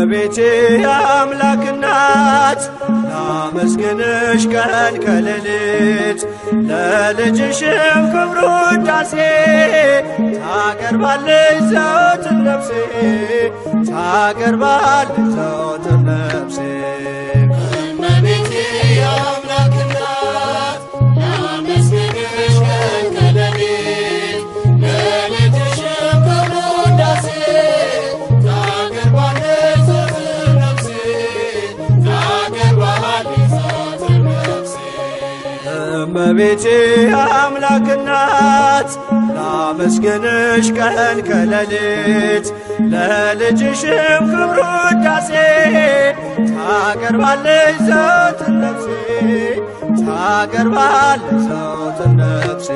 እመቤቴ አምላክ እናት ላመስግንሽ ቀን ከሌሊት ለልጅሽም ክብሩ ውዳሴ ታቀርባለች ዘወትር ነፍሴ ታቀርባለች ዘወትር እመቤቴ አምላክናት ላመስግንሽ ቀን ከለሊት ለልጅሽም ክብሩ ዳሴ ታቀርባለች ዘውትር ነፍሴ ታቀርባለች ዘውትር ነፍሴ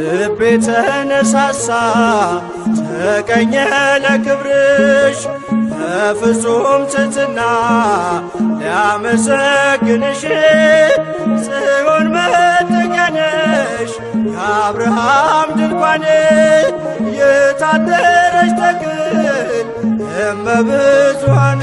ልቤ ተነሳሳ ተቀኘ ለክብርሽ በፍጹም ትሕትና ሊያመሰግንሽ ጽዮን መጠጊያ ነሽ የአብርሃም ድንኳን የታደረሽ ተክል እመብዙኃን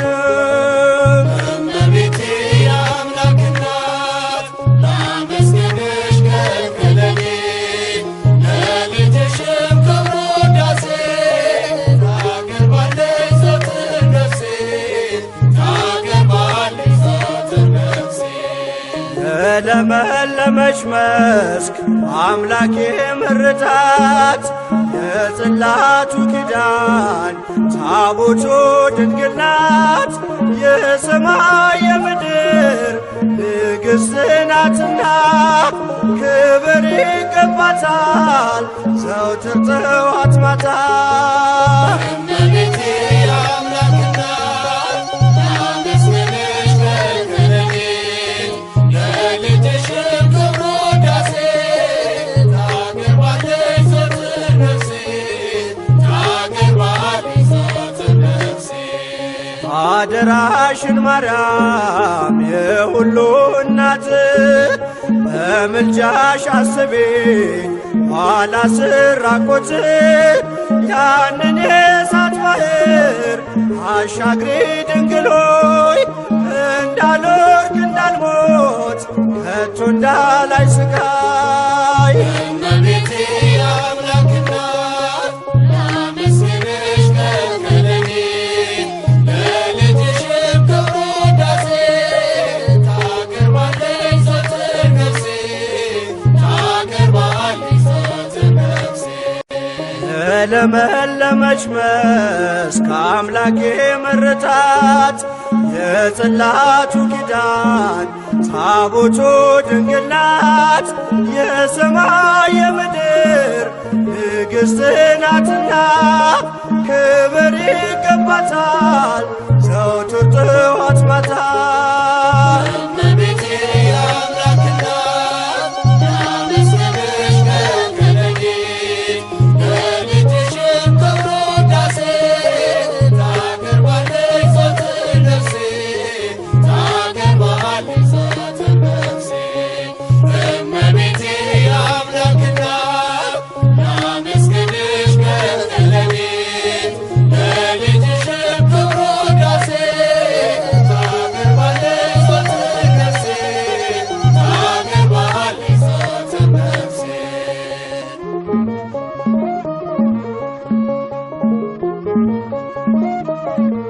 በለመለመች መስክ አምላኬ ምርታት የጽላቱ ኪዳን ታቦቱ ድንግል ናት። የሰማይ የምድር ንግሥት ናትና ክብር ይገባታል ዘወትር ጥዋት ማታ አደራሽን ማርያም የሁሉ እናት በምልጃሽ አስቤኝ ኋላ ስራቆት ያንን የእሳት ባህር አሻግሪ ድንግሎይ እንዳልወርቅ እንዳልሞት ከቶ እንዳላይ ስቃይ እመቤቴ የለመለመች መስክ አምላኬ መረጣት የጽላቱ ኪዳን ታቦቱ ድንግል ናት የሰማይ የምድር ንግሥት ናትና ክብር ይገባታል ዘውትር ጥዋት ማታ Thank you.